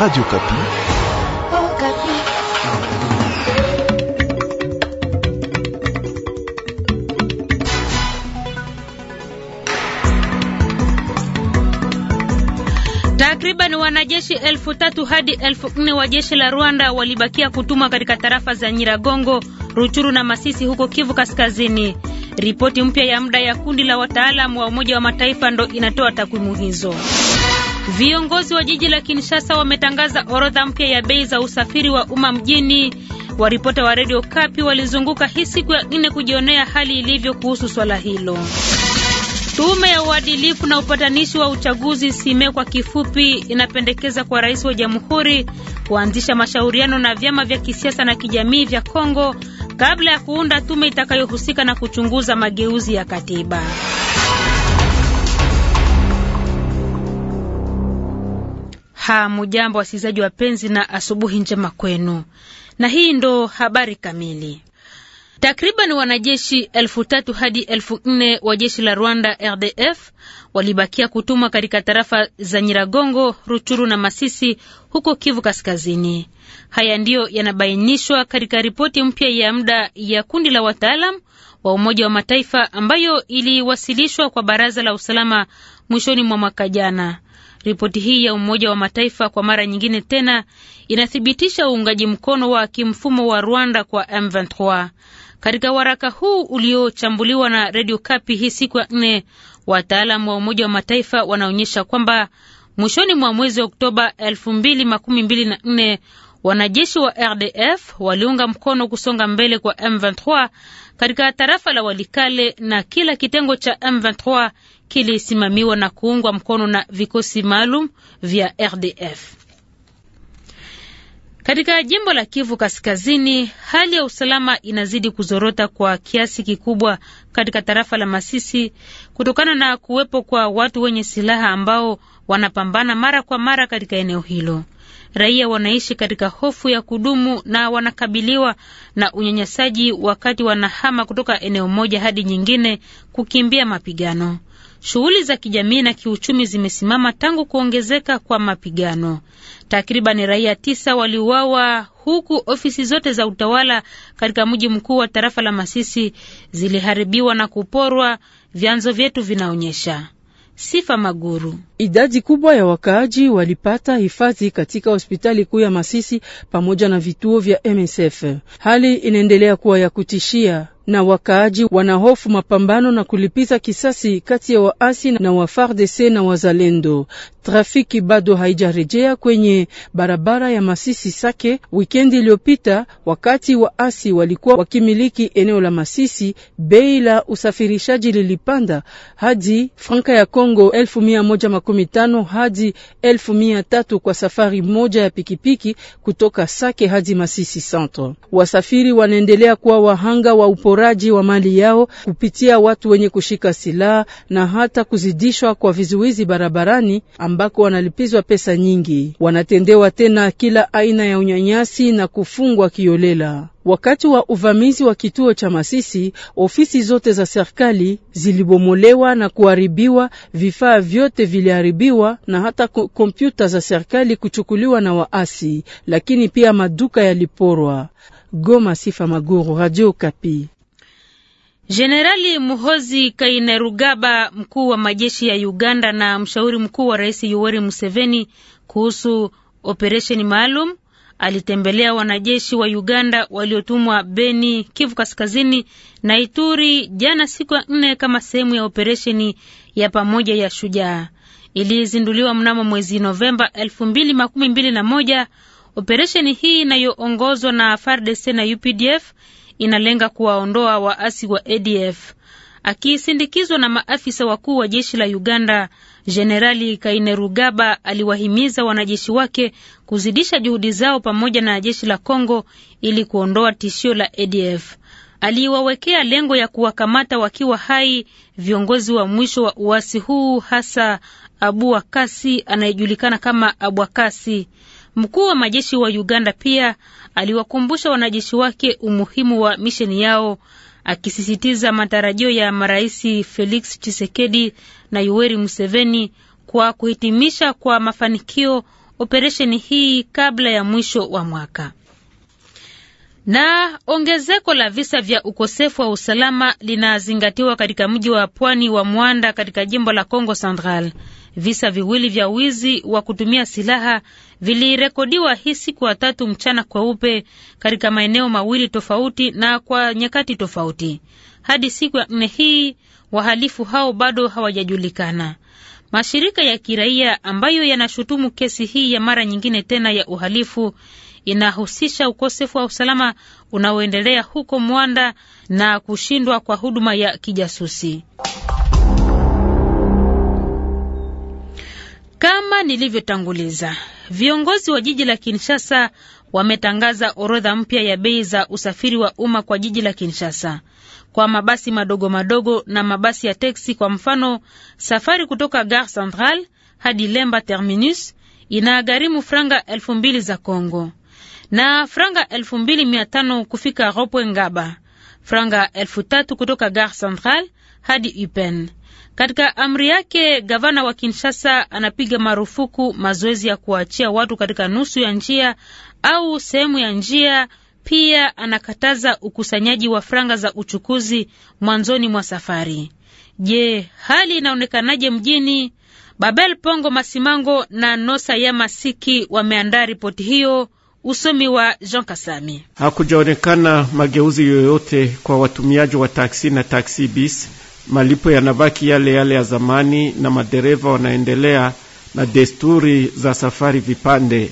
Radio Okapi. Oh, Takriban wanajeshi elfu tatu hadi elfu nne wa jeshi la Rwanda walibakia kutumwa katika tarafa za Nyiragongo, Ruchuru na Masisi huko Kivu Kaskazini. Ripoti mpya ya muda ya kundi la wataalamu wa Umoja wa Mataifa ndo inatoa takwimu hizo. Viongozi wa jiji la Kinshasa wametangaza orodha mpya ya bei za usafiri wa umma mjini. Waripota wa redio Kapi walizunguka hii siku ya nne kujionea hali ilivyo kuhusu swala hilo. Tume ya uadilifu na upatanishi wa uchaguzi SIME kwa kifupi, inapendekeza kwa rais wa jamhuri kuanzisha mashauriano na vyama vya kisiasa na kijamii vya Kongo kabla ya kuunda tume itakayohusika na kuchunguza mageuzi ya katiba. Hamujambo wasikilizaji wapenzi, na asubuhi njema kwenu, na hii ndo habari kamili. Takriban wanajeshi elfu tatu hadi elfu nne wa jeshi la Rwanda RDF walibakia kutumwa katika tarafa za Nyiragongo, Ruchuru na Masisi huko Kivu Kaskazini. Haya ndiyo yanabainishwa katika ripoti mpya ya muda ya kundi la wataalam wa Umoja wa Mataifa ambayo iliwasilishwa kwa Baraza la Usalama mwishoni mwa mwaka jana. Ripoti hii ya Umoja wa Mataifa kwa mara nyingine tena inathibitisha uungaji mkono wa kimfumo wa Rwanda kwa M23. Katika waraka huu uliochambuliwa na Radio Kapi hii siku ya nne, wataalamu wa Umoja wa Mataifa wanaonyesha kwamba mwishoni mwa mwezi Oktoba 2024 Wanajeshi wa RDF waliunga mkono kusonga mbele kwa M23 katika tarafa la Walikale na kila kitengo cha M23 kilisimamiwa na kuungwa mkono na vikosi maalum vya RDF. Katika jimbo la Kivu Kaskazini, hali ya usalama inazidi kuzorota kwa kiasi kikubwa katika tarafa la Masisi kutokana na kuwepo kwa watu wenye silaha ambao wanapambana mara kwa mara katika eneo hilo raia wanaishi katika hofu ya kudumu na wanakabiliwa na unyanyasaji wakati wanahama kutoka eneo moja hadi nyingine kukimbia mapigano. Shughuli za kijamii na kiuchumi zimesimama tangu kuongezeka kwa mapigano. Takriban raia tisa waliuawa huku ofisi zote za utawala katika mji mkuu wa tarafa la Masisi ziliharibiwa na kuporwa, vyanzo vyetu vinaonyesha. Sifa Maguru. Idadi kubwa ya wakaaji walipata hifadhi katika hospitali kuu ya Masisi pamoja na vituo vya MSF. Hali inaendelea kuwa ya kutishia na wakaaji wanahofu mapambano na kulipiza kisasi kati ya waasi na wa FARDC na wazalendo. Trafiki bado haijarejea kwenye barabara ya Masisi Sake wikendi iliyopita, wakati waasi walikuwa wakimiliki eneo la Masisi. Bei la usafirishaji lilipanda hadi franka ya congo 115 hadi 13 kwa safari moja ya pikipiki kutoka Sake hadi Masisi Centre. Wasafiri wanaendelea kuwa wahanga wa upo uporaji wa mali yao kupitia watu wenye kushika silaha na hata kuzidishwa kwa vizuizi barabarani ambako wanalipizwa pesa nyingi. Wanatendewa tena kila aina ya unyanyasi na kufungwa kiolela. Wakati wa uvamizi wa kituo cha Masisi, ofisi zote za serikali zilibomolewa na kuharibiwa, vifaa vyote viliharibiwa na hata kompyuta za serikali kuchukuliwa na waasi, lakini pia maduka yaliporwa. Goma, Sifa Maguru, Radio Kapi. Jenerali Muhozi Kainerugaba, mkuu wa majeshi ya Uganda na mshauri mkuu wa Rais Yoweri Museveni kuhusu operesheni maalum, alitembelea wanajeshi wa Uganda waliotumwa Beni, Kivu Kaskazini na Ituri jana siku ya nne kama sehemu ya operesheni ya pamoja ya Shujaa ilizinduliwa mnamo mwezi Novemba elfu mbili makumi mbili na moja. Operesheni hii inayoongozwa na FARDC na UPDF inalenga kuwaondoa waasi wa ADF. Akisindikizwa na maafisa wakuu wa jeshi la Uganda, Jenerali Kainerugaba aliwahimiza wanajeshi wake kuzidisha juhudi zao pamoja na jeshi la Kongo ili kuondoa tishio la ADF. Aliwawekea lengo ya kuwakamata wakiwa hai viongozi wa mwisho wa uasi huu, hasa Abu Wakasi anayejulikana kama Abwakasi. Mkuu wa majeshi wa Uganda pia aliwakumbusha wanajeshi wake umuhimu wa misheni yao, akisisitiza matarajio ya marais Felix Tshisekedi na Yoweri Museveni kwa kuhitimisha kwa mafanikio operesheni hii kabla ya mwisho wa mwaka. Na ongezeko la visa vya ukosefu wa usalama linazingatiwa katika mji wa pwani wa Mwanda katika jimbo la congo Central. Visa viwili vya wizi wa kutumia silaha vilirekodiwa hii siku ya tatu mchana kweupe katika maeneo mawili tofauti na kwa nyakati tofauti. Hadi siku ya nne hii wahalifu hao bado hawajajulikana. Mashirika ya kiraia ambayo yanashutumu kesi hii ya mara nyingine tena ya uhalifu inahusisha ukosefu wa usalama unaoendelea huko Mwanda na kushindwa kwa huduma ya kijasusi. Kama nilivyotanguliza, viongozi wa jiji la Kinshasa wametangaza orodha mpya ya bei za usafiri wa umma kwa jiji la Kinshasa. Kwa mabasi madogo madogo na mabasi ya teksi, kwa mfano, safari kutoka Gare Central hadi Lemba Terminus inagharimu franga elfu mbili za Congo na franga elfu mbili mia tano kufika Ropwe Ngaba, franga elfu tatu kutoka Gare Central hadi Upen. Katika amri yake, gavana wa Kinshasa anapiga marufuku mazoezi ya kuachia watu katika nusu ya njia au sehemu ya njia. Pia anakataza ukusanyaji wa franga za uchukuzi mwanzoni mwa safari. Je, hali inaonekanaje mjini? Babel Pongo Masimango na Nosa ya Masiki wameandaa ripoti hiyo. Usomi wa Jean Kasami. Hakujaonekana mageuzi yoyote kwa watumiaji wa taksi na taksi bis malipo yanabaki yale yale ya zamani, na madereva wanaendelea na desturi za safari vipande.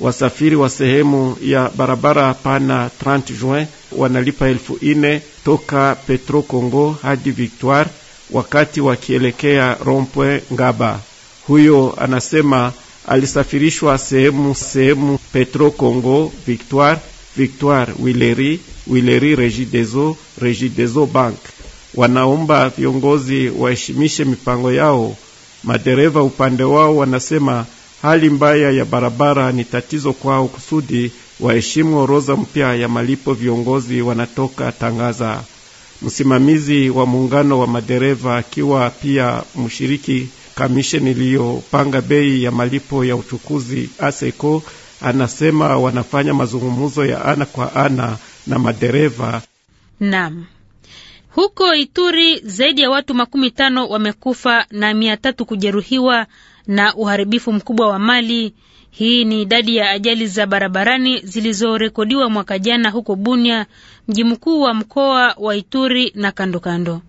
Wasafiri wa sehemu ya barabara pana 30 Juin wanalipa elfu ine toka Petro Congo hadi Victoire wakati wakielekea Rompwe Ngaba. Huyo anasema alisafirishwa sehemu sehemu, Petro Congo, Victoire, Victoire Wileri, Wileri regi deso Bank wanaomba viongozi waheshimishe mipango yao. Madereva upande wao wanasema hali mbaya ya barabara ni tatizo kwao, kusudi waheshimu orodha mpya ya malipo viongozi wanatoka tangaza. Msimamizi wa muungano wa madereva akiwa pia mshiriki kamisheni iliyopanga bei ya malipo ya uchukuzi ASECO anasema wanafanya mazungumzo ya ana kwa ana na madereva. Naam. Huko Ituri zaidi ya watu makumi tano wamekufa na mia tatu kujeruhiwa na uharibifu mkubwa wa mali. Hii ni idadi ya ajali za barabarani zilizorekodiwa mwaka jana huko Bunia, mji mkuu wa mkoa wa Ituri na kandokando kando.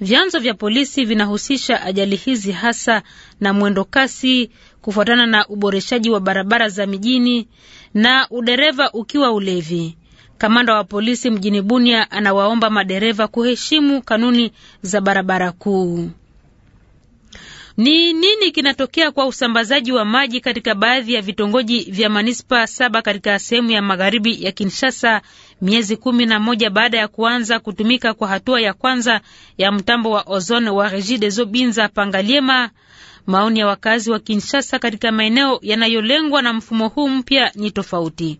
Vyanzo vya polisi vinahusisha ajali hizi hasa na mwendo kasi, kufuatana na uboreshaji wa barabara za mijini na udereva ukiwa ulevi. Kamanda wa polisi mjini Bunia anawaomba madereva kuheshimu kanuni za barabara kuu. Ni nini kinatokea kwa usambazaji wa maji katika baadhi ya vitongoji vya manispa saba katika sehemu ya magharibi ya Kinshasa miezi kumi na moja baada ya kuanza kutumika kwa hatua ya kwanza ya mtambo wa ozone wa Regideso Binza Pangaliema? Maoni ya wakazi wa Kinshasa katika maeneo yanayolengwa na mfumo huu mpya ni tofauti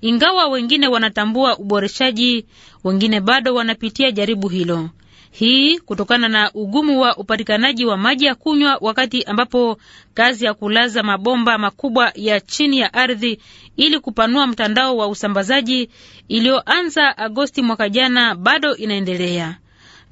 ingawa wengine wanatambua uboreshaji, wengine bado wanapitia jaribu hilo. Hii kutokana na ugumu wa upatikanaji wa maji ya kunywa, wakati ambapo kazi ya kulaza mabomba makubwa ya chini ya ardhi ili kupanua mtandao wa usambazaji iliyoanza Agosti mwaka jana bado inaendelea.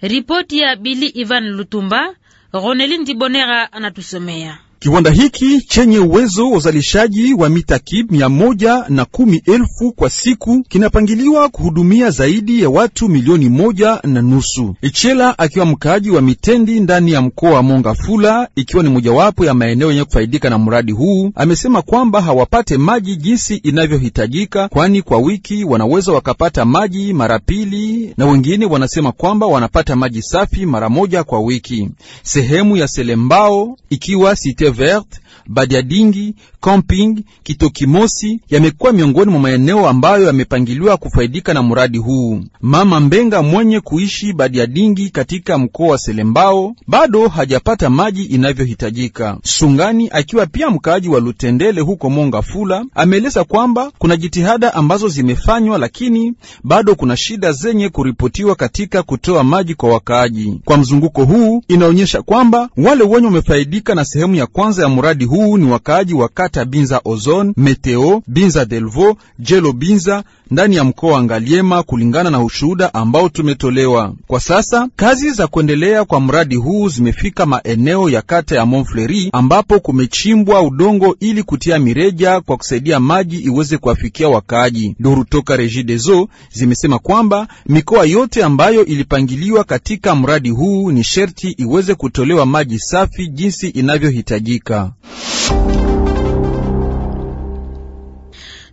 Ripoti ya Bili Ivan Lutumba, Ronelin Dibonera anatusomea. Kiwanda hiki chenye uwezo wa uzalishaji wa mita kib mia moja na kumi elfu kwa siku kinapangiliwa kuhudumia zaidi ya watu milioni moja na nusu. Ichela akiwa mkaaji wa Mitendi ndani ya mkoa wa Mongafula, ikiwa ni mojawapo ya maeneo yenye kufaidika na mradi huu, amesema kwamba hawapate maji jinsi inavyohitajika, kwani kwa wiki wanaweza wakapata maji mara pili, na wengine wanasema kwamba wanapata maji safi mara moja kwa wiki. Sehemu ya Selembao ikiwa site Verte, Badiadingi, Camping, Kitokimosi yamekuwa miongoni mwa maeneo ambayo yamepangiliwa kufaidika na mradi huu. Mama Mbenga mwenye kuishi Badiadingi katika mkoa wa Selembao bado hajapata maji inavyohitajika. Sungani akiwa pia mkaaji wa Lutendele huko Mongafula ameeleza kwamba kuna jitihada ambazo zimefanywa, lakini bado kuna shida zenye kuripotiwa katika kutoa maji kwa wakaaji. Kwa mzunguko huu inaonyesha kwamba wale wenye wamefaidika na sehemu ya kwanza kwanza ya mradi huu ni wakaaji wa kata Binza Ozone, Meteo Binza, Delvo Jelo Binza ndani ya mkoa wa Ngaliema, kulingana na ushuhuda ambao tumetolewa. Kwa sasa kazi za kuendelea kwa mradi huu zimefika maeneo ya kata ya Montfleri ambapo kumechimbwa udongo ili kutia mireja kwa kusaidia maji iweze kuwafikia wakaaji. Duru toka Regideso zimesema kwamba mikoa yote ambayo ilipangiliwa katika mradi huu ni sherti iweze kutolewa maji safi jinsi inavyohitaji unaohitajika.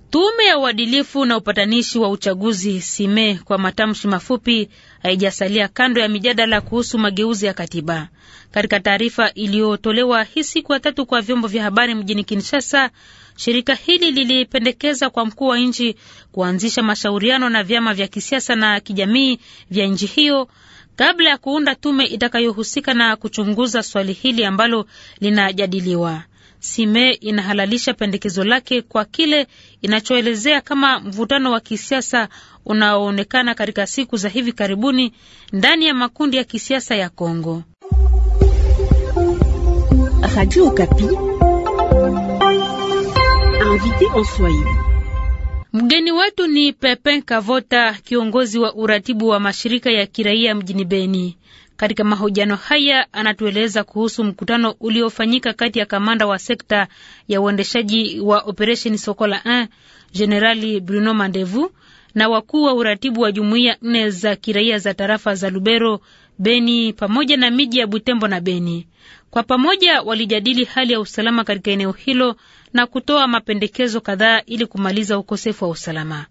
Tume ya uadilifu na upatanishi wa uchaguzi sime kwa matamshi mafupi haijasalia kando ya mijadala kuhusu mageuzi ya katiba. Katika taarifa iliyotolewa hii siku ya tatu kwa vyombo vya habari mjini Kinshasa, shirika hili lilipendekeza kwa mkuu wa nchi kuanzisha mashauriano na vyama vya kisiasa na kijamii vya nchi hiyo kabla ya kuunda tume itakayohusika na kuchunguza swali hili ambalo linajadiliwa. Sime inahalalisha pendekezo lake kwa kile inachoelezea kama mvutano wa kisiasa unaoonekana katika siku za hivi karibuni ndani ya makundi ya kisiasa ya Kongo. Radio Okapi, en Swahili. Mgeni wetu ni Pepin Kavota, kiongozi wa uratibu wa mashirika ya kiraia mjini Beni. Katika mahojiano haya anatueleza kuhusu mkutano uliofanyika kati ya kamanda wa sekta ya uendeshaji wa operesheni Sokola 1 Jenerali Bruno Mandevu na wakuu wa uratibu wa jumuiya nne za kiraia za tarafa za Lubero, Beni pamoja na miji ya Butembo na Beni. Kwa pamoja walijadili hali ya usalama katika eneo hilo na kutoa mapendekezo kadhaa ili kumaliza ukosefu wa usalama.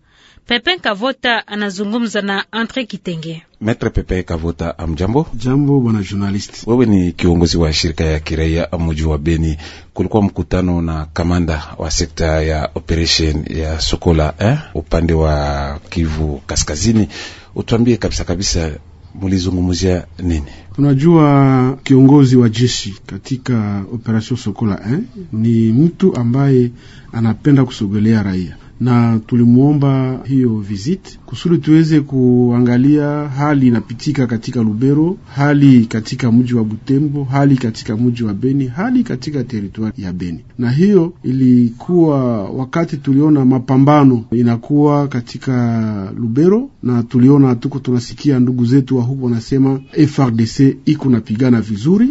Pepe Kavota anazungumza na Andre Kitenge. Maitre Pepe Kavota, amjambo. Jambo bwana journalist. Wewe ni kiongozi wa shirika ya kiraia mji wa Beni. Kulikuwa mkutano na kamanda wa sekta ya operation ya Sokola eh, upande wa Kivu Kaskazini. Utwambie kabisa kabisa mulizungumzia nini? Unajua, kiongozi wa jeshi katika operation Sokola eh, ni mtu ambaye anapenda kusogelea raia na tulimwomba hiyo visit kusudi tuweze kuangalia hali inapitika katika Lubero, hali katika mji wa Butembo, hali katika mji wa Beni, hali katika teritwari ya Beni. Na hiyo ilikuwa wakati tuliona mapambano inakuwa katika Lubero, na tuliona tuko tunasikia ndugu zetu wa huko wanasema FRDC iko napigana vizuri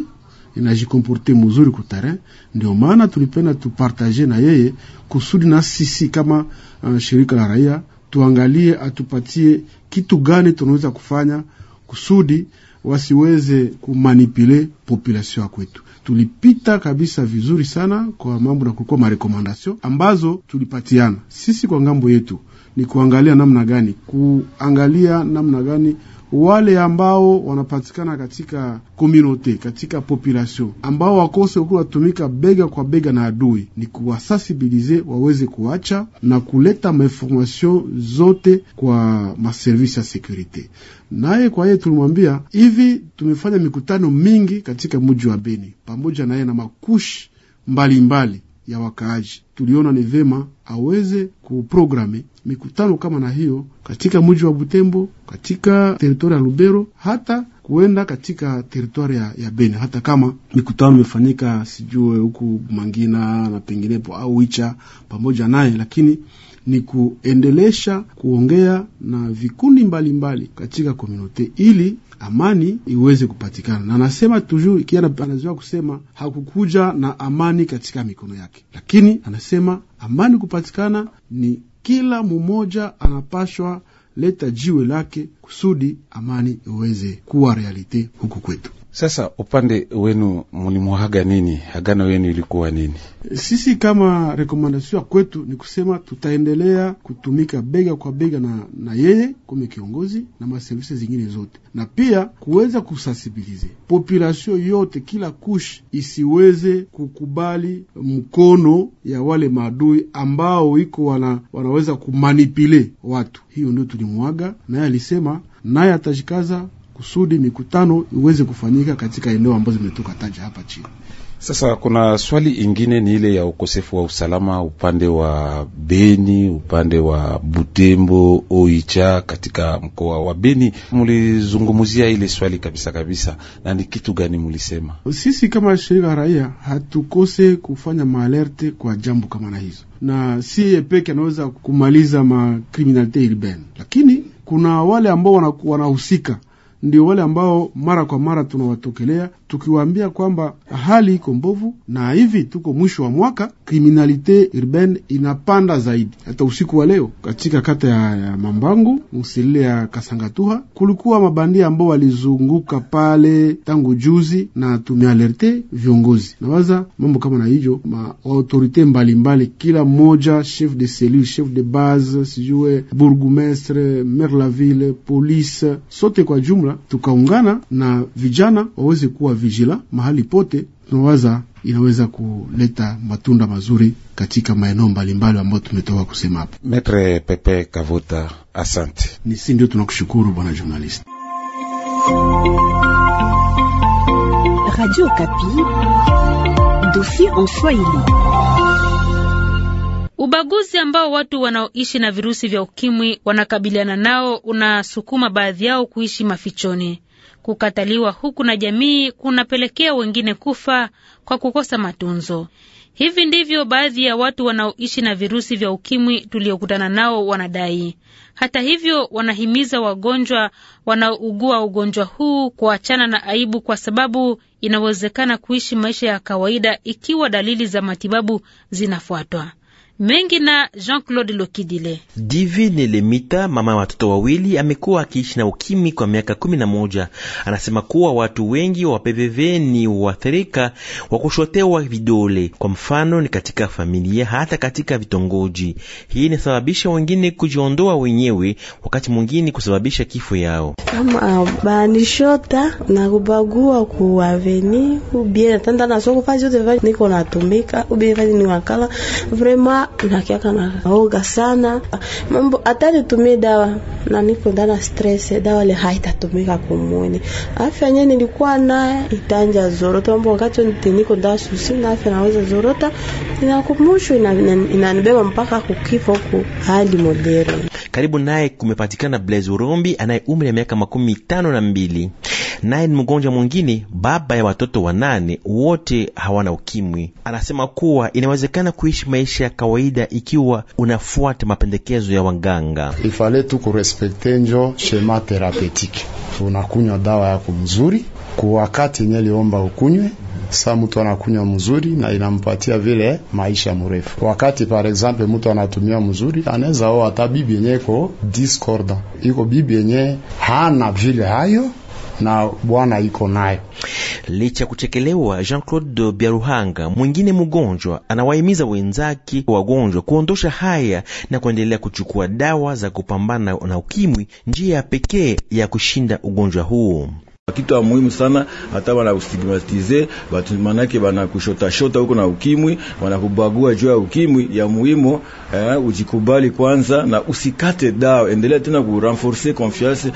inajikomporte mzuri terrain. Ndio maana tulipenda tupartaje na yeye kusudi na sisi kama uh, shirika la raia tuangalie atupatie kitu gani tunaweza kufanya kusudi wasiweze kumanipule population ya kwetu. Tulipita kabisa vizuri sana kwa mambo na kulikuwa marekomandasyon ambazo tulipatiana sisi kwa ngambo yetu, ni kuangalia namna gani kuangalia namna gani wale ambao wanapatikana katika komunote, katika population ambao wakose ukuwa watumika bega kwa bega na adui, ni kuwasasibilize waweze kuacha na kuleta mainformation zote kwa maservisi ya sekurite. Naye kwa yeye tulimwambia hivi, tumefanya mikutano mingi katika muji wa Beni pamoja naye na makushi mbalimbali mbali ya wakaaji. Tuliona ni vema aweze kuprograme mikutano kama na hiyo katika mji wa Butembo, katika teritori ya Lubero, hata kuenda katika teritori ya, ya Beni, hata kama mikutano imefanyika sijue huku Mangina na penginepo au Icha pamoja naye, lakini ni kuendelesha kuongea na vikundi mbalimbali mbali katika komunote ili amani iweze kupatikana, na anasema tujur ikiwa anazoea kusema hakukuja na amani katika mikono yake, lakini anasema amani kupatikana ni kila mmoja anapashwa leta jiwe lake kusudi amani iweze kuwa realite huku kwetu. Sasa upande wenu mlimwaga nini? Agano yenu ilikuwa nini? Sisi kama rekomandasio ya kwetu ni kusema tutaendelea kutumika bega kwa bega na, na yeye kome kiongozi na maservisi zingine zote, na pia kuweza kusansibilize population yote, kila kush isiweze kukubali mkono ya wale maadui ambao iko wana, wanaweza kumanipile watu. Hiyo ndio tulimwaga naye, alisema naye atashikaza kusudi mikutano iweze kufanyika katika eneo ambazo zimetoka taja hapa chini. Sasa kuna swali ingine ni ile ya ukosefu wa usalama upande wa Beni, upande wa Butembo, Oicha katika mkoa wa Beni. Mulizungumzia ile swali kabisa kabisa, na ni kitu gani mulisema? Sisi kama shirika raia hatukose kufanya maalerte kwa jambo kama na hizo, na si peke anaweza kumaliza makriminalite ilibeni, lakini kuna wale ambao wanahusika ndio wale ambao mara kwa mara tunawatokelea tukiwaambia kwamba hali iko mbovu, na hivi tuko mwisho wa mwaka, kriminalite urbaine inapanda zaidi. Hata usiku wa leo katika kata ya Mambangu msilile ya Kasangatuha kulikuwa mabandia ambao walizunguka pale tangu juzi, na tumealerte viongozi nawaza mambo kama na hivyo ma autorite mbalimbali, kila mmoja chef de cellule, chef de base, sijue burgumestre, maire la ville, police, sote kwa jumla dharura, tukaungana na vijana waweze kuwa vigila mahali pote, tunawaza inaweza kuleta matunda mazuri katika maeneo mbalimbali ambayo tumetoka kusema hapa. Metre Pepe Kavuta, asante. Ni si ndio, tunakushukuru bwana journalist. Radio Kapi, dossier en Swahili. Ubaguzi ambao watu wanaoishi na virusi vya ukimwi wanakabiliana nao unasukuma baadhi yao kuishi mafichoni. Kukataliwa huku na jamii kunapelekea wengine kufa kwa kukosa matunzo. Hivi ndivyo baadhi ya watu wanaoishi na virusi vya ukimwi tuliokutana nao wanadai. Hata hivyo, wanahimiza wagonjwa wanaougua ugonjwa huu kuachana na aibu, kwa sababu inawezekana kuishi maisha ya kawaida ikiwa dalili za matibabu zinafuatwa mengi na Jean-Claude Lokidile. Divine Lemita, mama watoto wawili, amekuwa akiishi na ukimi kwa miaka kumi na moja. Anasema kuwa watu wengi wa PVV ni waathirika wa kushotewa vidole, kwa mfano ni katika familia, hata katika vitongoji. Hii inasababisha wengine kujiondoa wenyewe, wakati mwingine kusababisha kifo yao. Kama banishota na kubagua kuwaveni ubie tanda na soko fazi yote niko natumika ubie fazi ni wakala vrema nakiaka na oga sana mambo tumie dawa na niko ndana stress, dawa le haitatumika kumwene afya nye nilikuwa naye itanja zorota mambo. Wakati niko ndana susi na afya naweza zorota, inakumushwa inanibeba mpaka kukifa ku hali modere Karibu naye kumepatikana Blaise Urombi anaye umri ya miaka makumi tano na mbili naye ni mgonjwa mwingine, baba ya watoto wanane, wote hawana ukimwi. Anasema kuwa inawezekana kuishi maisha ya kawaida ikiwa unafuata mapendekezo ya waganga. Ifale tu kurespekte njo shema therapeutique, unakunywa dawa yako mzuri ku wakati yenye liomba ukunywe Saa mtu anakunywa mzuri na inampatia vile maisha mrefu. Wakati par exemple mtu anatumia mzuri, anaweza oa hata bibi yenye iko discordant, iko bibi yenye hana vile hayo na Bwana iko nayo. Licha kuchekelewa, Jean Claude Biaruhanga mwingine mgonjwa anawahimiza wenzake wagonjwa kuondosha haya na kuendelea kuchukua dawa za kupambana na ukimwi, njia ya pekee ya kushinda ugonjwa huo kitu ya muhimu sana, hata wana stigmatize watu, manake wana kushota shota huko na ukimwi, wana kubagua juu ya ukimwi. Ya muhimu eh, ujikubali kwanza na usikate dawa, endelea tena ku renforcer confiance,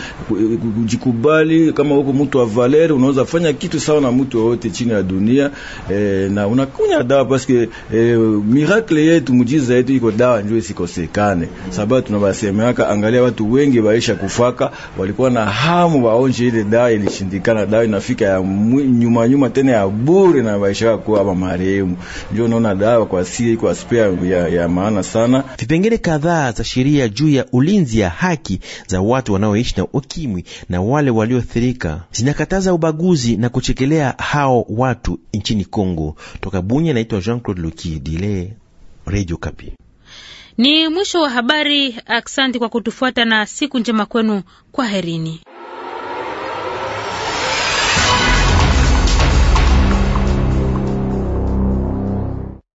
ujikubali Kama huko mtu wa valeur, unaweza fanya kitu sawa na mtu wote chini ya dunia eh, na unakunya dawa parce que eh, miracle yetu mujiza yetu iko dawa, njoo isikosekane, sababu tunabasemeka, Angalia watu wengi waisha kufaka, walikuwa na hamu waonje ile dawa ili inashindikana, dawa inafika ya nyuma nyuma tena ya bure na maisha yako hapa marehemu. Ndio unaona dawa kwa si kwa spare ya, ya maana sana. Vipengele kadhaa za sheria juu ya ulinzi ya haki za watu wanaoishi na ukimwi na wale walioathirika zinakataza ubaguzi na kuchekelea hao watu nchini Kongo. Toka Bunya, naitwa Jean-Claude Luki Dile, Radio Kapi. Ni mwisho wa habari. Aksanti kwa kutufuata na siku njema kwenu. kwa herini